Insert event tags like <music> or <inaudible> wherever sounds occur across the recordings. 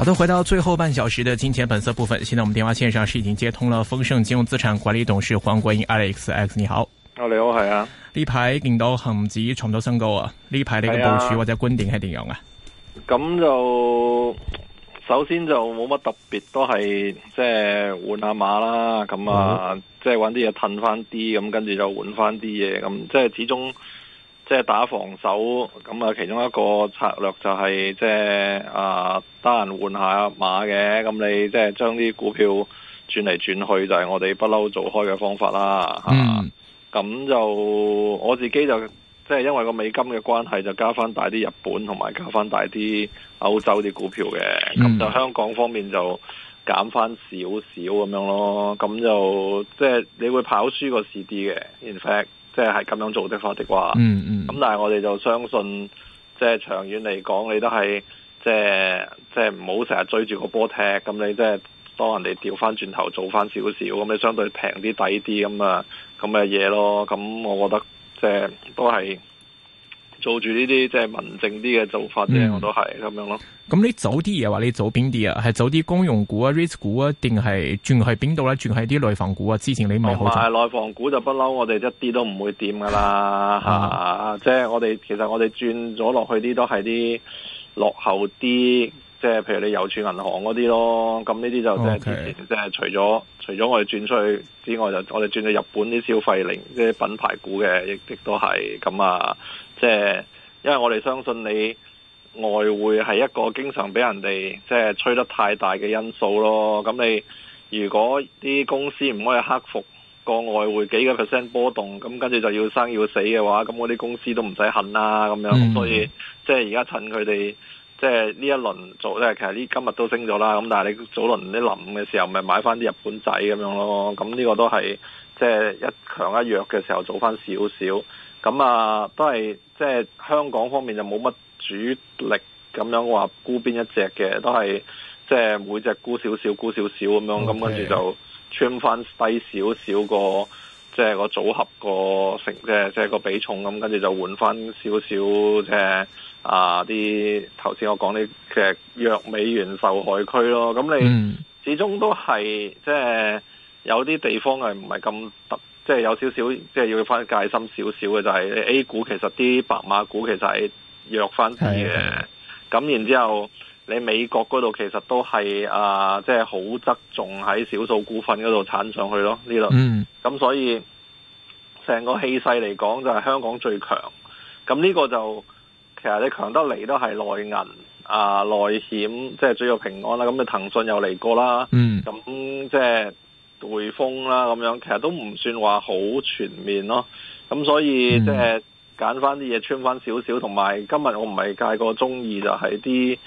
好的，回到最後半小時的金錢本色部分。現在我們電話線上是已經接通了豐盛金融資產管理董事黃國英 Alex，Alex 你好。哦、你好係啊。呢排見到恒指重到新高啊，呢排你嘅部署或者觀點係點樣啊？咁、嗯、就首先就冇乜特別，都係即係換下碼啦，咁啊，嗯、即係揾啲嘢褪翻啲，咁跟住就換翻啲嘢，咁、嗯、即係始終。即係打防守，咁啊其中一個策略就係即係啊得閒換下馬嘅，咁你即係將啲股票轉嚟轉去就係我哋不嬲做開嘅方法啦。嗯，咁、啊、就我自己就即係、就是、因為個美金嘅關係，就加翻大啲日本同埋加翻大啲歐洲啲股票嘅，咁、嗯、就香港方面就減翻少少咁樣咯。咁就即係、就是、你會跑輸個市啲嘅，in fact。即係咁樣做的法的啩，咁但係我哋就相信，即係長遠嚟講，你都係即係即係唔好成日追住個波踢，咁你即係當人哋調翻轉頭做翻少少，咁你相對平啲抵啲咁啊，咁嘅嘢咯，咁我覺得即係都係。做住呢啲即係文靜啲嘅做法啲嘢，我、嗯、都係咁樣咯。咁你走啲嘢話，你走邊啲啊？係走啲公用股啊、REIT 股啊，定係轉去邊度咧、啊？轉去啲內房股啊？之前你買好唔係、嗯、內房股就不嬲，我哋一啲都唔會掂噶啦吓。即係我哋其實我哋轉咗落去啲都係啲落後啲，即係譬如你郵儲銀行嗰啲咯。咁呢啲就即係即係除咗除咗我哋轉出去之外，就我哋轉咗日本啲消費零即係品牌股嘅，亦亦都係咁啊。即係，因為我哋相信你外匯係一個經常俾人哋即係吹得太大嘅因素咯。咁你如果啲公司唔可以克服個外匯幾個 percent 波動，咁跟住就要生要死嘅話，咁嗰啲公司都唔使恨啦。咁樣，所以、嗯嗯、即係而家趁佢哋即係呢一輪做即咧，其實呢今日都升咗啦。咁但係你早輪啲臨嘅時候，咪買翻啲日本仔咁樣咯。咁呢個都係即係一強一弱嘅時候做翻少少。咁啊，都係即係香港方面就冇乜主力咁樣話沽邊一隻嘅，都係即係每隻沽少少沽少少咁樣，咁 Okay. 跟住就穿翻低少少，少個即係個組合個成，即係即係個比重咁，跟住就換翻少少即係啊啲頭先我講啲其實弱美元受害區咯，咁、嗯、你始終都係即係有啲地方係唔係咁特。即係有少少，即係要翻戒心少少嘅就係、是、A 股，其實啲白馬股其實係弱翻啲嘅。咁的然之後，你美國嗰度其實都係啊，即係好側重喺少數股份嗰度撐上去咯。呢度，咁、嗯、所以成個氣勢嚟講就係香港最強。咁呢個就其實你強得嚟都係內銀啊內險，即係諸如平安啦，咁啊騰訊又嚟過啦。咁、嗯、即係。匯豐啦咁樣，其實都唔算話好全面咯。咁所以即係揀翻啲嘢穿翻少少，同埋今日我唔係太過中意就係啲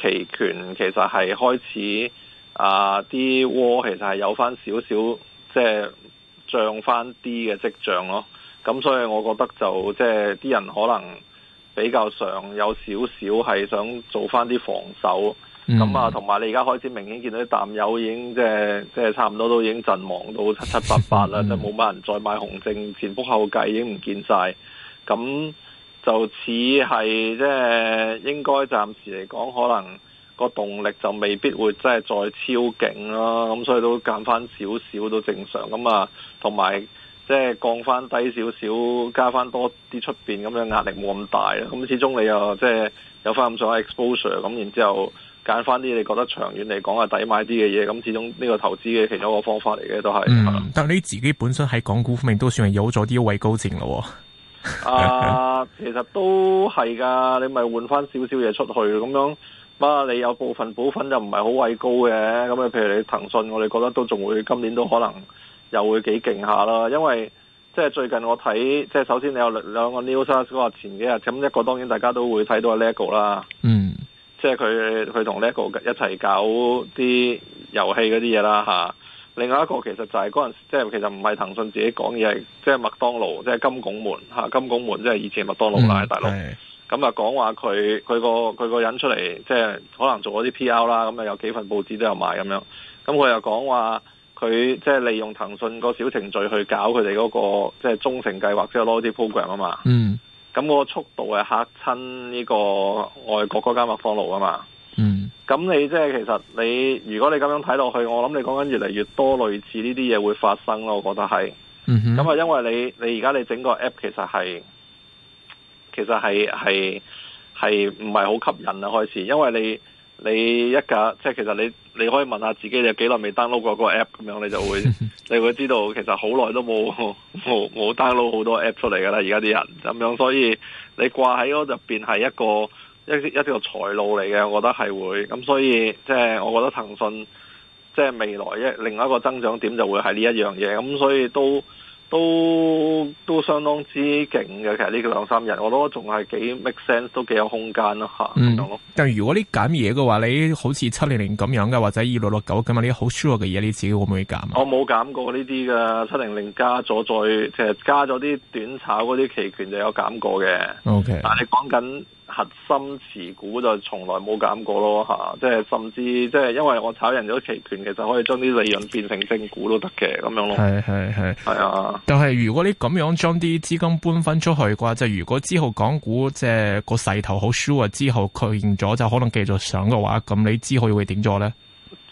期權，其實係開始啊啲窩，其實係有翻少少即係漲翻啲嘅跡象咯。咁所以我覺得就即係啲人可能比較上有少少係想做翻啲防守。咁啊，同埋、嗯、你而家開始明顯見到啲淡友已經即係即係差唔多都已經陣亡到七七八八啦，就冇乜人再買紅證，前仆後繼已經唔見晒。咁就似係即係應該暫時嚟講，可能個動力就未必會即係再超勁咯。咁所以都減翻少少都正常咁啊。同埋即係降翻低少少，加翻多啲出邊咁樣壓力冇咁大啦。咁始終你又即係有翻咁上下 exposure 咁，然之後。揀翻啲你覺得長遠嚟講係抵買啲嘅嘢，咁始終呢個投資嘅其中一個方法嚟嘅都係。但係你自己本身喺港股方面都算係有咗啲畏高症咯。啊，其實都係噶，你咪換翻少少嘢出去咁樣。哇，你有部分股份就唔係好畏高嘅，咁啊，譬如你騰訊，我哋覺得都仲會今年都可能又會幾勁下啦。因為即係最近我睇，即係首先你有兩兩個 news 嗰個前幾日，咁一個當然大家都會睇到係呢一個啦。嗯。即係佢佢同 Lego 一齊搞啲遊戲嗰啲嘢啦嚇、啊，另外一個其實就係嗰陣，即係其實唔係騰訊自己講嘢，即係麥當勞，即係金拱門嚇、啊，金拱門即係以前麥當勞嚟、嗯、大陸哥，咁啊講話佢佢個佢個人出嚟，即係可能做咗啲 P.R. 啦，咁、嗯、啊有幾份報紙都有賣咁樣，咁佢又講話佢即係利用騰訊個小程序去搞佢哋嗰個即係忠誠計劃，即係 loyalty program 啊嘛。嗯。咁個速度係嚇親呢個外國嗰間麥當勞啊嘛，嗯，咁你即係其實你如果你咁樣睇落去，我諗你講緊越嚟越多類似呢啲嘢會發生咯，我覺得係，嗯哼，咁啊，因為你你而家你整個 app 其實係，其實係係係唔係好吸引啊開始，因為你。你一架，即係其實你你可以問下自己有幾耐未 download 過個 app 咁樣，你就會你會知道其實好耐都冇冇冇 download 好多 app 出嚟噶啦，而家啲人咁、就是、樣，所以你掛喺嗰入邊係一個一一條財路嚟嘅，我覺得係會咁，所以即係、就是、我覺得騰訊即係未來一另外一個增長點就會係呢一樣嘢，咁所以都。都都相當之勁嘅，其實呢個兩三日，我諗仲係幾 make sense，都幾有空間咯吓。嗯。嗯但係如果你減嘢嘅話，你好似七零零咁樣嘅，或者二六六九咁啊，呢啲好 sure 嘅嘢，你自己會唔會減啊？我冇減過呢啲嘅，七零零加咗再，其實加咗啲短炒嗰啲期權就有減過嘅。OK。但係講緊。核心持股就從來冇減過咯嚇、啊，即係甚至即係因為我炒人咗期權，其實可以將啲利潤變成正股都得嘅咁樣咯。係係係係啊！但係如果你咁樣將啲資金搬返出去嘅話，就如果之後港股即係個勢頭好衰啊，之後確認咗就可能繼續上嘅話，咁你之後會點做咧？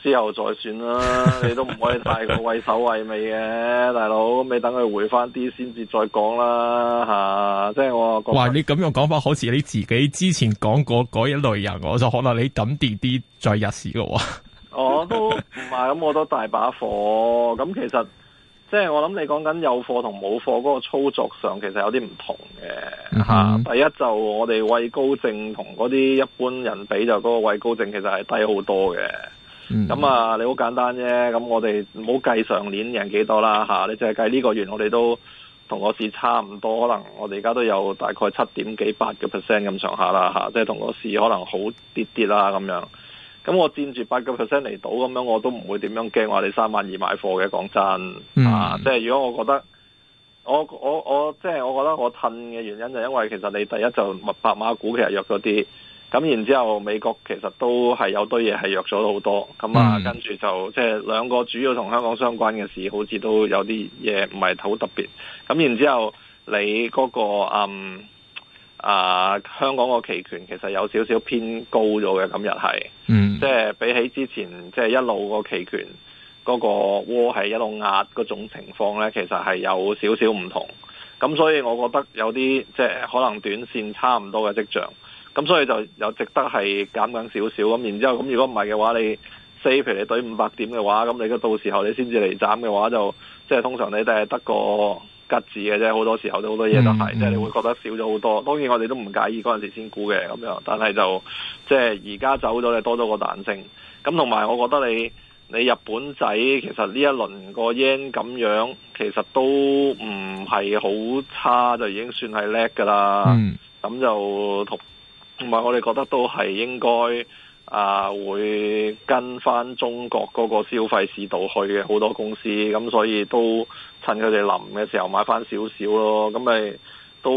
之後再算啦，你都唔可以太過畏首畏尾嘅。 <laughs> 大佬，你等佢回翻啲先至再講啦吓。即係我，哇！你咁樣講法，好似你自己之前講過嗰一類人，我就可能你咁跌啲再入市嘅我、哦、都唔係咁， <laughs> 我都大把貨。咁其實即係我諗，你講緊有貨同冇貨嗰個操作上，其實有啲唔同嘅吓。嗯、哼第一就我哋畏高症，同嗰啲一般人比，就嗰個畏高症其實係低好多嘅。咁、嗯、啊，你好簡單啫。咁、嗯、我哋唔好計上年贏幾多啦嚇、啊，你淨係計呢個月，我哋都同個市差唔多。可能我哋而家都有大概七點幾八個 percent 咁上下啦嚇、啊啊，即係同個市可能好啲啲啦咁樣。咁我佔住八個 percent 嚟到。咁樣我都唔會點樣驚話你三萬二買貨嘅。講真，啊，啊嗯、啊即係如果我覺得，我我我即係、就是、我覺得我褪嘅原因就係因為其實你第一就密白馬股其實弱咗啲。咁然之後，美國其實都係有堆嘢係弱咗好多，咁啊、嗯，跟住就即係兩個主要同香港相關嘅事，好似都有啲嘢唔係好特別。咁然之後你、那個，你嗰個嗯啊香港個期權其實有少少偏高咗嘅，今日係，即係比起之前即係、就是、一路個期權嗰、那個窩係一路壓嗰種情況咧，其實係有少少唔同。咁所以，我覺得有啲即係可能短線差唔多嘅跡象。咁所以就又值得係減緊少少咁，然之後咁如果唔係嘅話，你四譬如你對五百點嘅話，咁你嘅到時候你先至嚟斬嘅話就，就即係通常你都係得個吉字嘅啫，好多時候多都好多嘢都係，即係、嗯、你會覺得少咗好多。嗯、當然我哋都唔介意嗰陣時先估嘅咁樣，但係就即係而家走咗你多咗個彈性。咁同埋我覺得你你日本仔其實呢一輪個 yen 咁樣，其實都唔係好差，就已經算係叻㗎啦。咁、嗯、就同。同埋我哋覺得都係應該啊、呃，會跟翻中國嗰個消費市道去嘅好多公司，咁所以都趁佢哋臨嘅時候買翻少少咯。咁咪都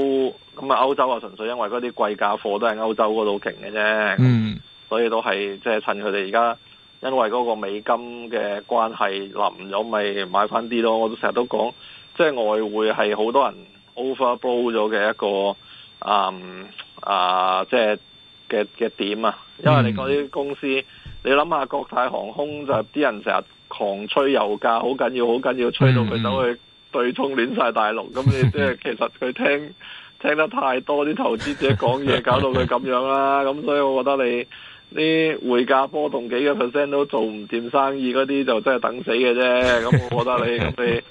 咁啊？歐洲啊，純粹因為嗰啲貴價貨都係歐洲嗰度停嘅啫。嗯，所以都係即係趁佢哋而家因為嗰、嗯、個美金嘅關係臨咗，咪買翻啲咯。我都成日都講，即係外匯係好多人 overbought 咗嘅一個嗯。啊，uh，即係嘅嘅點啊，因為你嗰啲公司，嗯、你諗下國泰航空就啲、是、人成日狂吹油價好緊要，好緊要，吹到佢走去對沖亂晒大龍，咁、嗯、你即係其實佢聽聽得太多啲投資者講嘢，搞到佢咁樣啦、啊，咁 <laughs> 所以我覺得你啲匯價波動幾個 percent 都做唔掂生意，嗰啲就真係等死嘅啫，咁我覺得你咁你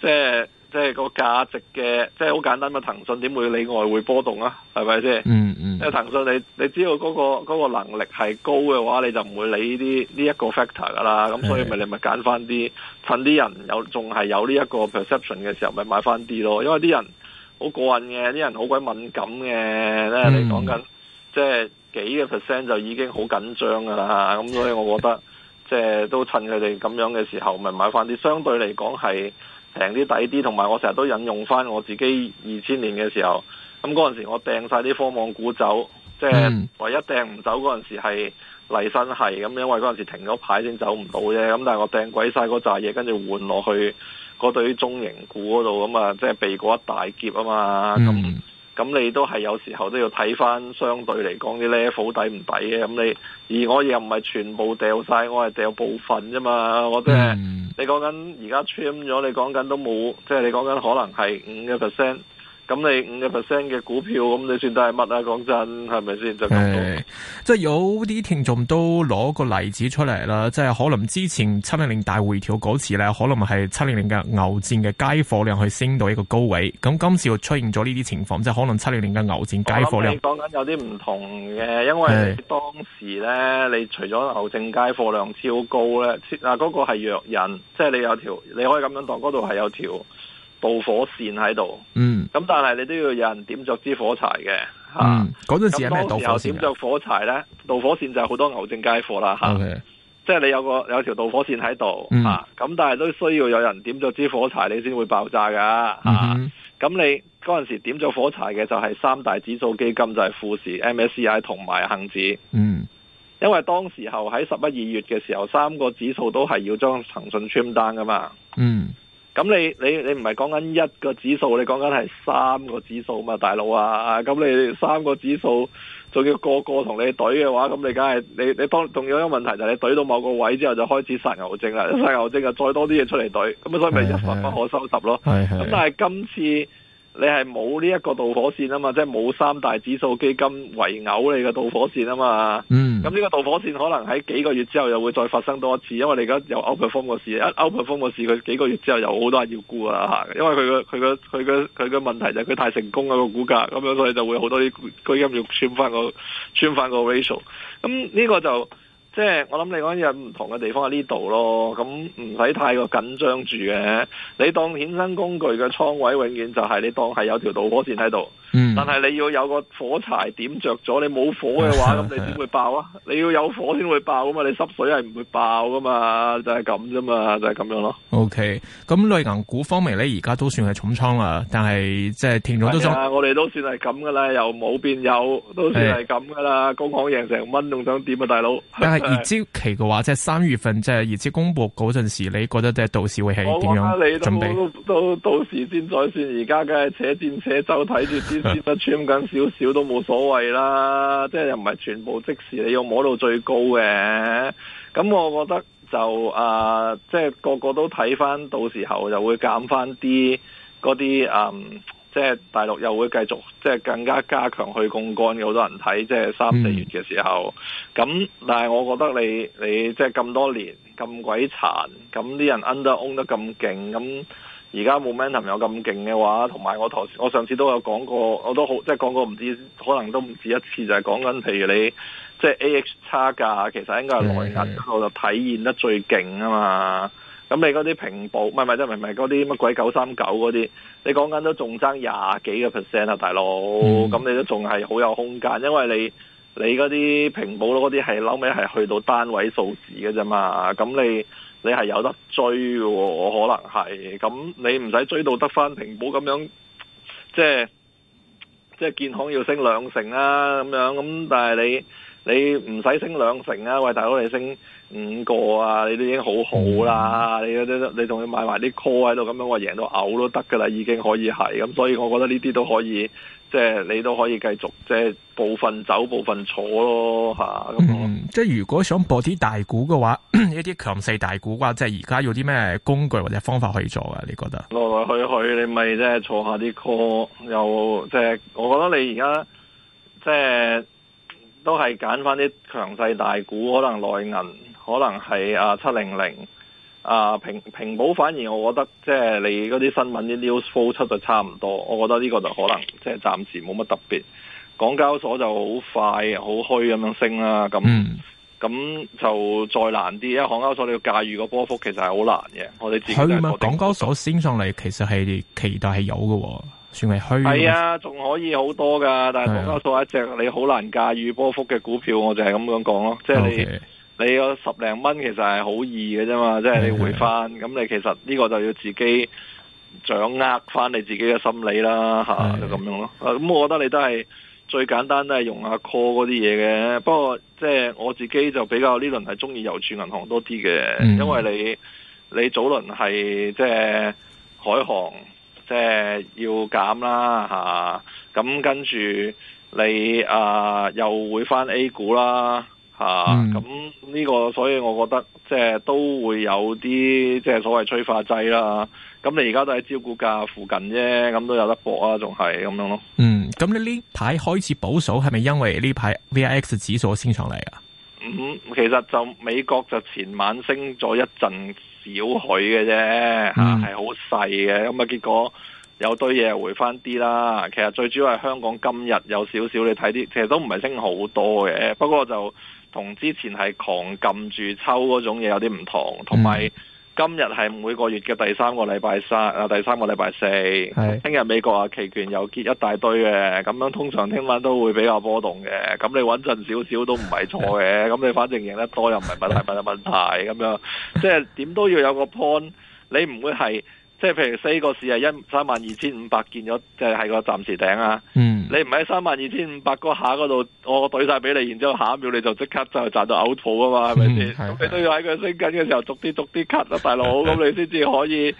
即係。即係個價值嘅，即係好簡單嘛。騰訊點會理外匯波動啊？係咪先？嗯嗯。因為騰訊你你知道嗰個嗰個能力係高嘅話，你就唔會理呢啲呢一個 factor 噶啦。咁所以咪你咪揀翻啲趁啲人有仲係有呢一個 perception 嘅時候，咪買翻啲咯。因為啲人好過癮嘅，啲人好鬼敏感嘅咧。你講緊即係幾個 percent 就已經好緊張噶啦。咁所以我覺得即係都趁佢哋咁樣嘅時候，咪買翻啲相對嚟講係。平啲抵啲，同埋我成日都引用翻我自己二千年嘅時候，咁嗰陣時我掟晒啲科網股走，即、就、係、是、唯一掟唔走嗰陣時係嚟新係，咁因為嗰陣時停咗牌先走唔到啫，咁但係我掟鬼晒嗰扎嘢，跟住換落去嗰堆中型股嗰度，咁啊即係避過一大劫啊嘛，咁。嗯咁你都係有時候都要睇翻，相對嚟講啲咧好抵唔抵嘅。咁你而我又唔係全部掉晒，我係掉部分啫嘛。我即係嗯、你講緊而家 trim 咗，你講緊都冇，即係你講緊可能係五個 percent。咁你五個 percent 嘅股票，咁你算得係乜啊？講真，係咪先？就即係有啲聽眾都攞個例子出嚟啦，即係可能之前七零零大回調嗰次咧，可能係七零零嘅牛戰嘅街貨量去升到一個高位。咁今次又出現咗呢啲情況，就可能七零零嘅牛戰街貨量。講緊有啲唔同嘅，因為當時咧，的你除咗牛證街貨量超高咧，嗱嗰個係弱人。即係你有條，你可以咁樣當，嗰度係有條。導火線喺度，嗯，咁但係你都要有人點着支火柴嘅，吓、嗯。嗰陣、啊、時係點着火柴咧，導火線就係好多牛證街貨啦，吓。即係你有個有條導火線喺度，吓、啊。咁但係都需要有人點着支火柴，你先會爆炸噶，吓、啊。咁、嗯哼啊、你嗰陣時點咗火柴嘅就係三大指數基金，就係、是、富時、M S C I 同埋恒指，嗯。因為當時候喺十一二月嘅時候，三個指數都係要將騰訊 trim down 噶嘛，嗯。咁你你你唔係講緊一個指數，你講緊係三個指數嘛，大佬啊！咁你三個指數仲要個個同你懟嘅話，咁你梗係你你當仲有一個問題就係你懟到某個位之後就開始殺牛精啦，殺牛精啊！再多啲嘢出嚟懟，咁啊所以咪一發不可收拾咯。咁是但係今次。你係冇呢一個導火線啊嘛，即係冇三大指數基金圍毆你嘅導火線啊嘛。嗯。咁呢個導火線可能喺幾個月之後又會再發生多一次，因為你而家有 outperform 個市，一 outperform 個市佢幾個月之後又好多人要沽啊吓，因為佢嘅佢嘅佢嘅佢嘅問題就係佢太成功個股價，咁樣所以就會好多啲基金要穿翻個穿翻個 ratio。咁呢個就。即係我諗你講嘢，唔同嘅地方喺呢度咯，咁唔使太過緊張住嘅，你當衍生工具嘅倉位永遠就係你當係有條導火線喺度。嗯、但係你要有個火柴點着咗，你冇火嘅話咁、嗯嗯、你點會爆啊？你要有火先會爆啊嘛，你濕水係唔會爆噶、啊、嘛，就係咁啫嘛，就係、是、咁樣咯。O K，咁類型股方面咧，而家都算係重倉啦，但係即係聽眾都中。係我哋都算係咁噶啦，又冇變有，都算係咁噶啦。工、嗯、行贏成蚊仲想點啊，大佬？但係業績期嘅話，即係三月份即係業績公布嗰陣時，你覺得即係到時會係點樣準備？你到到，到時先再算，而家梗係扯綫扯舟睇住先。其實穿緊少少都冇所謂啦，即係又唔係全部即時，你要摸到最高嘅。咁我覺得就啊，即係個個都睇翻，到時候又會減翻啲嗰啲嗯，即係大陸又會繼續即係更加加強去槓桿嘅。好多人睇即係三四月嘅時候，咁但係我覺得你你即係咁多年咁鬼殘，咁啲人 under own 得咁勁咁。而家冇 momentum 有咁勁嘅話，同埋我頭我上次都有講過，我都好即係講過唔止，可能都唔止一次，就係、是、講緊譬如你即係 A X 差價，其實應該係內銀嗰度就體現得最勁啊嘛。咁、嗯、你嗰啲平保，唔係唔係即係唔係嗰啲乜鬼九三九嗰啲，你講緊都仲爭廿幾個 percent 啊，大佬。咁、嗯、你都仲係好有空間，因為你你嗰啲平保嗰啲係後尾係去到單位數字嘅啫嘛。咁你。你係有得追喎。哦，可能係咁，你唔使追到得翻平保咁樣，即係即係建行要升兩成啦，啊。咁樣，咁但係你你唔使升兩成啊，喂大佬你升五個啊，你都已經好好啦，你你仲要買埋啲 call 喺度咁樣，我贏到嘔都得噶啦，已經可以係咁，所以我覺得呢啲都可以，即係你都可以繼續即係部分走部分坐咯，嚇、啊。即係如果想播啲大股嘅話，一啲強勢大股嘅話，即係而家有啲咩工具或者方法可以做啊？你覺得來來去去，你咪即係坐下啲 call，又即係、就是、我覺得你而家即係都係揀翻啲強勢大股，可能內銀，可能係啊七零零啊平平保，反而我覺得即係、就是、你嗰啲新聞啲 news flow 出就差唔多，我覺得呢個就可能即係暫時冇乜特別。港交所就好快好虛咁樣升啦，咁咁就再難啲。因為港交所你要駕馭個波幅，其實係好難嘅。我哋自己港交所升上嚟，其實係期待係有嘅，算係虛。係啊，仲可以好多噶，但係港交所一隻你好難駕馭波幅嘅股票，我就係咁樣講咯。即係你 Okay. 你個十零蚊其實係好易嘅啫嘛，即係你回翻咁，的你其實呢個就要自己掌握翻你自己嘅心理啦，吓的的就咁樣咯。咁、啊、我覺得你都係。最簡單都係用阿、啊、call 嗰啲嘢嘅，不過即係、就是、我自己就比較呢輪係中意郵儲銀行多啲嘅，嗯、因為你你早輪係即係海航即係、就是、要減啦嚇，咁、啊、跟住你啊又會翻 A 股啦。啊，咁呢個所以我覺得即係都會有啲即係所謂催化劑啦。咁你而家都喺招股價附近啫，咁都有得搏啊，仲係咁樣咯。嗯，咁、啊、你呢排開始保守係咪因為呢排 VIX 指數升上嚟啊？嗯，其實就美國就前晚升咗一陣少許嘅啫，吓係好細嘅。咁啊，結果有堆嘢回翻啲啦。其實最主要係香港今日有少少你睇啲，其實都唔係升好多嘅。不過就同之前係狂撳住抽嗰種嘢有啲唔同，同埋今日係每個月嘅第三個禮拜三啊，第三個禮拜四。聽日的美國啊，期權又結一大堆嘅，咁樣通常聽晚都會比較波動嘅。咁你穩陣少少都唔係錯嘅。咁 <laughs> 你反正贏得多又唔係問題， <laughs> 問題咁樣，即係點都要有個 point，你唔會係。即係譬如四個市係一三萬二千五百見咗，即、就、係、是、個暫時頂啊！嗯、你唔喺三萬二千五百嗰下嗰度，我懟晒俾你，然之後下一秒你就即刻就賺到嘔吐啊嘛，係咪先？嗯、是是你都要喺佢升緊嘅時候逐啲逐啲 cut 啦，大佬，咁 <laughs> 你先至可以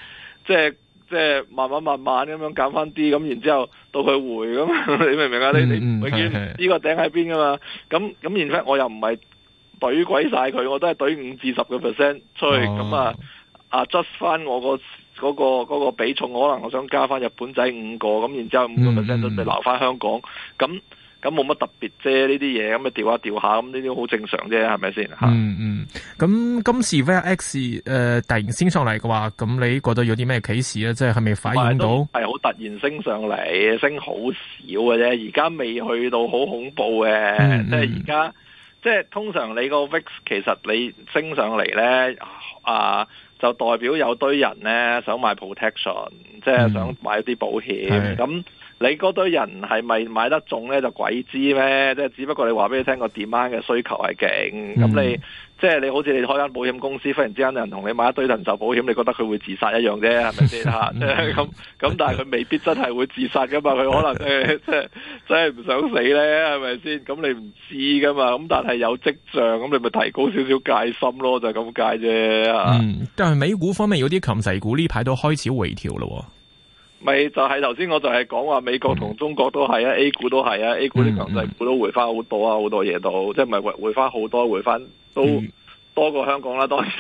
即係即係慢慢慢慢咁樣減翻啲，咁然之後到佢回咁，你明唔明啊？你你永遠、嗯、見呢個頂喺邊噶嘛？咁咁然之我又唔係懟鬼晒佢，我都係懟五至十個 percent 出去咁啊！啊，執翻我個嗰個嗰個比重，可能我想加翻日本仔五個，咁然之後五個 percent 都留翻香港，咁咁冇乜特別啫，呢啲嘢咁啊掉下掉下，咁呢啲好正常啫，係咪先？嗯嗯。咁今次 VIX 誒、呃、突然升上嚟嘅話，咁你覺得有啲咩啟示咧？即係係咪反映到？係好突然升上嚟，升好少嘅啫。而家未去到好恐怖嘅，即係而家即係通常，常你個 VIX 其實你升上嚟咧啊。呃呃呃呃就代表有堆人咧想買 protection，即係想買啲保險。咁、嗯、你嗰堆人係咪買得中咧就鬼知咩？即係只不過你話俾你聽個 demand 嘅需求係勁咁你。嗯即係你好似你開間保險公司，忽然之間有人同你買一堆人壽保險，你覺得佢會自殺一樣啫，係咪先吓？即係咁咁，但係佢未必真係會自殺噶嘛，佢可能即係真係唔想死咧，係咪先？咁你唔知噶嘛，咁但係有迹象，咁你咪提高少少戒心咯，就咁解啫。嗯，但係美股方面有啲強勢股呢排都開始回調咯。咪就係頭先，我就係講話美國同中國都係啊、嗯，A 股都係啊、嗯，A 股啲強勢股都回翻好多啊，多好多嘢都即係咪係回回翻好多，回翻都多過香港啦、啊，當然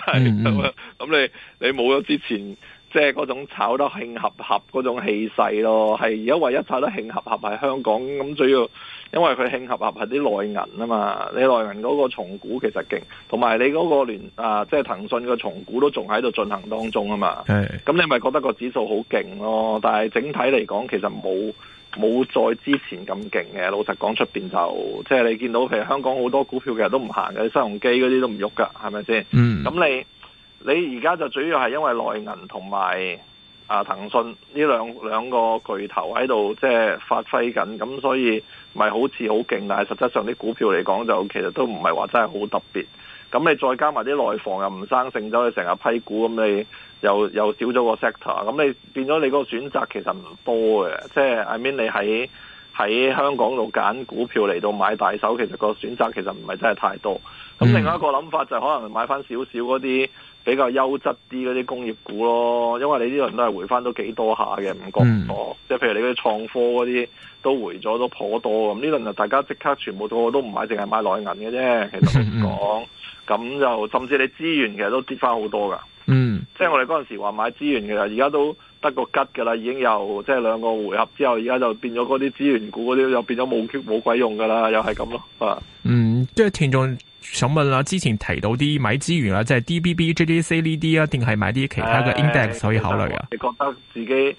係咁你你冇咗之前。即係嗰種炒得興合合嗰種氣勢咯，係而家唯一炒得興合合係香港咁，主要因為佢興合合係啲內銀啊嘛，你內銀嗰個重估其實勁，同埋你嗰個聯啊，即係騰訊嘅重估都仲喺度進行當中啊嘛，咁是你咪覺得個指數好勁咯，但係整體嚟講其實冇冇再之前咁勁嘅，老實講出邊就即係你見到譬如香港好多股票其實都唔行嘅，新鴻基嗰啲都唔喐噶，係咪先？嗯，咁你。你而家就主要係因為內銀同埋啊騰訊呢兩兩個巨頭喺度即係發揮緊，咁所以咪好似好勁，但係實際上啲股票嚟講就其實都唔係話真係好特別。咁你再加埋啲內房又唔生性咗，你成日批股咁，你又又少咗個 sector，咁你變咗你個選擇其實唔多嘅。即係 I mean 你喺喺香港度揀股票嚟到買大手，其實個選擇其實唔係真係太多。咁、嗯、另外一個諗法就係可能買翻少少嗰啲比較優質啲嗰啲工業股咯，因為你呢輪都係回翻都幾多下嘅，唔覺唔多。即係、嗯、譬如你嗰啲創科嗰啲都回咗都頗多咁，呢輪就大家即刻全部都都唔買，淨係買內銀嘅啫。其實講咁、嗯、就，甚至你資源其實都跌翻好多噶。嗯，即係我哋嗰陣時話買資源其實而家都得個吉噶啦，已經有即係兩個回合之後，而家就變咗嗰啲資源股嗰啲又變咗冇冇鬼用噶啦，又係咁咯啊、嗯嗯。嗯，即係聽眾。嗯嗯。想問下之前提到啲買資源啊，即係 D B B J D C 呢啲啊，定係買啲其他嘅 index 可以考慮啊？你覺得自己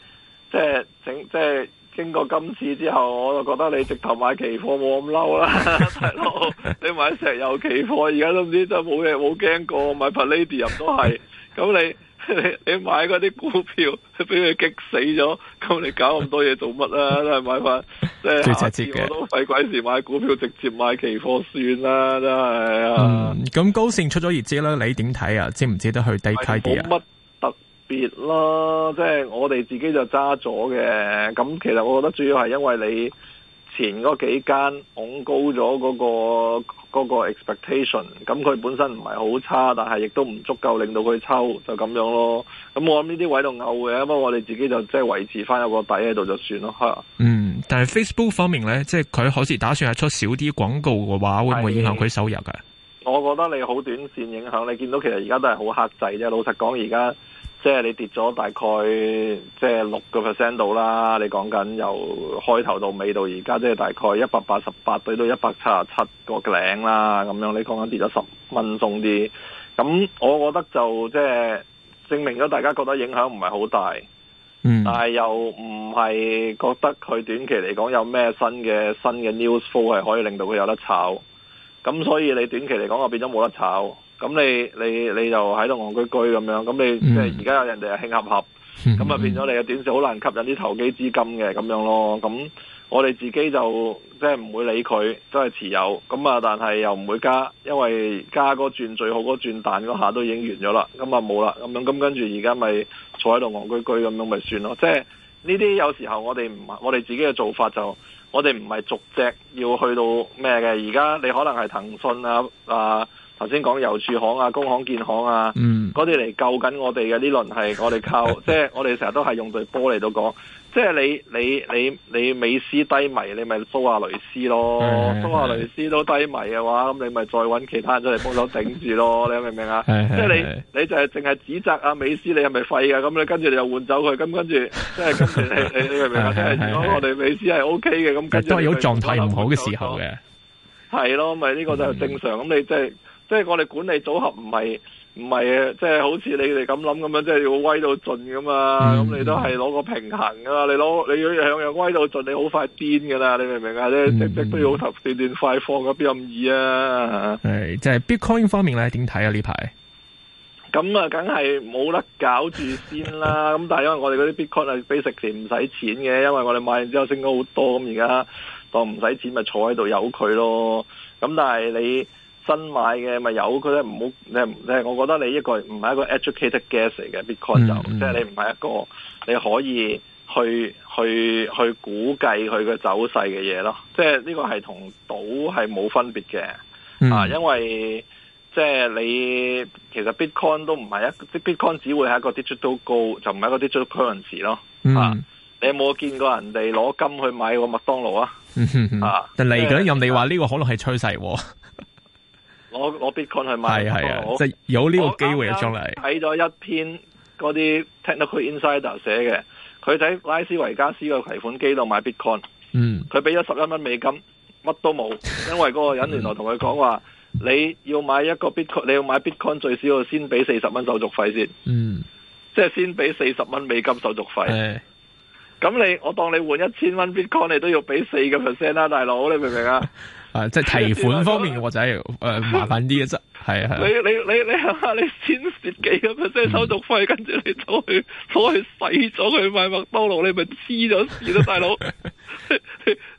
即係整即係經過今次之後，我就覺得你直頭買期貨冇咁嬲啦，大佬你買石油期貨而家都唔知真係冇嘢冇驚過，買 p a n a d i y 都係咁你。 <noise> <noise> <noise> <noise> <noise> <noise> <noise> 你 <laughs> 你買嗰啲股票，俾佢激死咗，咁你搞咁多嘢做乜啊？都係買翻，即係下次我都費鬼事買股票，直接買期貨算啦，真係啊！嗯，咁高盛出咗業績啦，你點睇啊？知唔知得去低開啲？冇乜特別咯，即係我哋自己就揸咗嘅。咁其實我覺得主要係因為你前嗰幾間拱高咗嗰個，嗰個 expectation，咁佢本身唔係好差，但係亦都唔足夠令到佢抽，就咁樣咯。咁我諗呢啲位度牛嘅，不過我哋自己就即係維持翻有個底喺度就算咯。嚇。嗯，但係 Facebook 方面呢，即係佢好似打算係出少啲廣告嘅話，會唔會影響佢收入嘅？我覺得你好短線影響，你見到其實而家都係好克制啫。老實講，而家。即係你跌咗大概即係六個 percent 度啦，你講緊由開頭到尾到而家，即係大概一百八十八對到一百七十七個頂啦，咁樣你講緊跌咗十蚊鬆啲，咁我覺得就即係證明咗大家覺得影響唔係好大，嗯，但係又唔係覺得佢短期嚟講有咩新嘅新嘅 news flow 係可以令到佢有得炒，咁所以你短期嚟講就變咗冇得炒。咁你你你就喺度戇居居咁樣，咁你即係而家有人哋係興合合，咁啊、嗯、變咗你嘅短線好難吸引啲投機資金嘅咁樣咯。咁我哋自己就即係唔會理佢，都係持有。咁啊，但係又唔會加，因為加嗰轉最好嗰轉彈嗰下都已經完咗啦。咁啊冇啦，咁樣咁跟住而家咪坐喺度戇居居咁樣咪算咯。即係呢啲有時候我哋唔係，我哋自己嘅做法就我哋唔係逐隻要去到咩嘅。而家你可能係騰訊啊啊。頭先講郵儲行啊、工行、建行啊，嗰啲嚟救緊我哋嘅呢輪係，我哋靠，即係我哋成日都係用對波嚟到講，即係你你你你美斯低迷，你咪蘇亞雷斯咯，蘇亞雷斯都低迷嘅話，咁你咪再揾其他人出嚟幫手頂住咯，你明唔明啊？即係你你就係淨係指責阿美斯，你係咪廢嘅？咁你跟住你又換走佢，咁跟住即係跟住你你明唔明啊？即係如果我哋美斯係 OK 嘅，咁都有狀態唔好嘅時候嘅，係咯，咪呢個就正常。咁你即係。即係我哋管理組合唔係唔係，即係好似你哋咁諗咁樣，即係要威到盡噶嘛？咁、嗯、你都係攞個平衡噶啦，你攞你要樣樣威到盡，你好快癲噶啦，你明唔明、嗯、比啊？嗯、即係都要好頭斷斷快放咁，邊咁易啊？係即係 Bitcoin 方面咧，點睇啊？呢排咁啊，梗係冇得搞住先啦。咁 <laughs> 但係因為我哋嗰啲 Bitcoin 係俾食錢，唔使錢嘅，因為我哋買完之後升咗好多，咁而家當唔使錢咪坐喺度由佢咯。咁但係你。新買嘅咪有佢咧，唔好你你，我覺得你一個唔係一個 educated guess 嚟嘅 bitcoin 就，嗯、即係你唔係一個你可以去去去估計佢嘅走勢嘅嘢咯，即係呢個係同賭係冇分別嘅啊，嗯、因為即係你其實 bitcoin 都唔係一個，即 bitcoin 只會係一個 digital gold，就唔係一個 digital currency 咯、嗯、啊，你有冇見過人哋攞金去買個麥當勞、嗯嗯嗯、啊？啊，但嚟緊有你話呢個可能係趨勢。我攞攞 bitcoin 去買，的好即係有呢個機會出嚟。睇咗一篇嗰啲 TechCrunch Insider 寫嘅，佢喺拉斯維加斯個提款機度買 bitcoin。嗯，佢俾咗十一蚊美金，乜都冇，因為嗰個人原來同佢講話， <laughs> 你要買一個 bitcoin，你要買 bitcoin 最少要先俾四十蚊手續費先。嗯， <laughs> 即係先俾四十蚊美金手續費。咁 <laughs> 你我當你換一千蚊 bitcoin，你都要俾四個 percent 啦，大佬，你明唔明啊？ <laughs> 啊！即係提款方面，或者係誒麻煩啲嘅啫，係啊！ <laughs> <laughs> 你你你你吓你先蝕幾咁即係手續費，跟住你走去攞去洗咗佢買麥當勞，你咪黐咗線咯，大佬！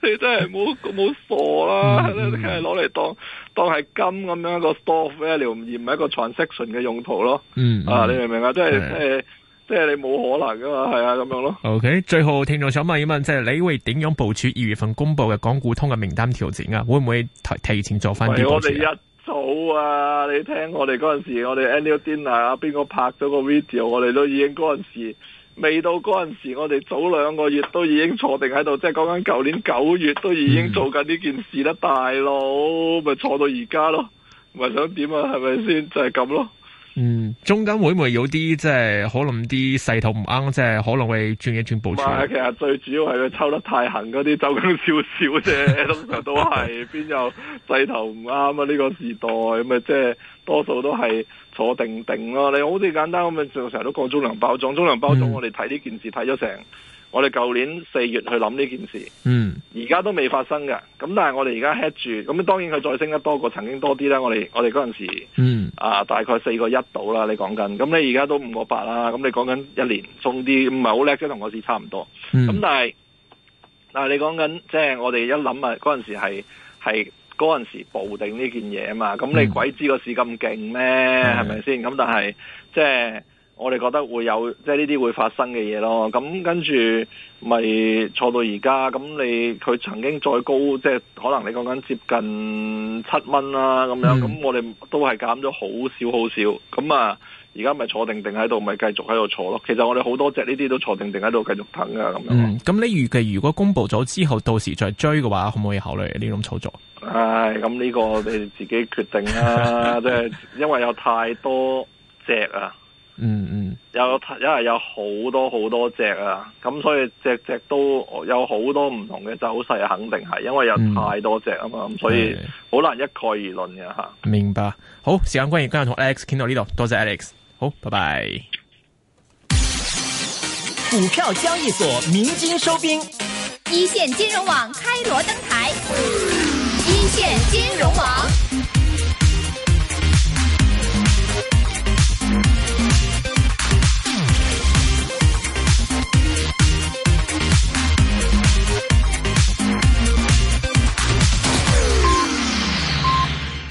你真係冇冇傻啦？真係攞嚟當當係金咁樣一個 store of value，而唔係一個 transaction 嘅用途咯。嗯。嗯啊！你明唔明啊？即係誒。即係你冇可能㗎嘛，係啊咁樣咯。OK，最後聽眾想問一問，即係你會點樣部署二月份公布嘅港股通嘅名單調整啊？會唔會提提前做翻啲？我哋一早啊，你聽我哋嗰陣時，我哋 Annual Dinner 啊，邊個拍咗個 video，我哋都已經嗰陣時未到嗰陣時，我哋早兩個月都已經坐定喺度，即係講緊舊年九月都已經做緊呢件事啦，嗯、大佬咪坐到而家咯，咪想點啊？係咪先就係、是、咁咯？嗯，中間會唔會有啲即係可能啲勢頭唔啱，即係可能會轉一轉部署。唔，其實最主要係佢抽得太狠，嗰啲走緊少少啫，通常都係邊 <laughs> 有勢頭唔啱啊？呢、這個時代咁啊，即係多數都係坐定定咯，啊。你好似簡單咁啊，就成日都講中糧包裝，中糧包裝，嗯、我哋睇呢件事睇咗成。我哋舊年四月去諗呢件事，嗯，而家都未發生嘅，咁但係我哋而家 hedge 住，咁當然佢再升得多過曾經多啲啦。我哋我哋嗰陣時，嗯，啊，大概四個一到啦，你講緊，咁你而家都五個八啦，咁你講緊一年送啲，唔係好叻即同個市差唔多。咁、嗯、但係，但係你講緊，即係我哋一諗啊，嗰陣時係係嗰陣時報定呢件嘢啊嘛，咁你鬼知個市咁勁咩？係咪先？咁但係即係。就是我哋覺得會有即係呢啲會發生嘅嘢咯，咁跟住咪坐到而家。咁你佢曾經再高，即係可能你講緊接近七蚊啦，啊，咁樣咁、嗯、我哋都係減咗好少好少。咁啊，而家咪坐定定喺度，咪繼續喺度坐咯。其實我哋好多隻呢啲都坐定定喺度繼續等啊，咁樣。咁、嗯、你預計如果公布咗之後，到時再追嘅話，可唔可以考慮呢種操作？唉、哎，咁呢個你自己決定啦、啊，即係 <laughs> 因為有太多隻啊。嗯嗯，嗯，有因為有好多好多隻啊，咁所以隻只都有好多唔同嘅走勢，肯定係，因為有太多隻啊嘛，咁、嗯、所以好難一概而論嘅吓。明白，好，時間關係，今日同 Alex 傾到呢度，多謝 Alex，好，拜拜。股票交易所鳴金收兵，一線金融網開鑼登台，一線金融網。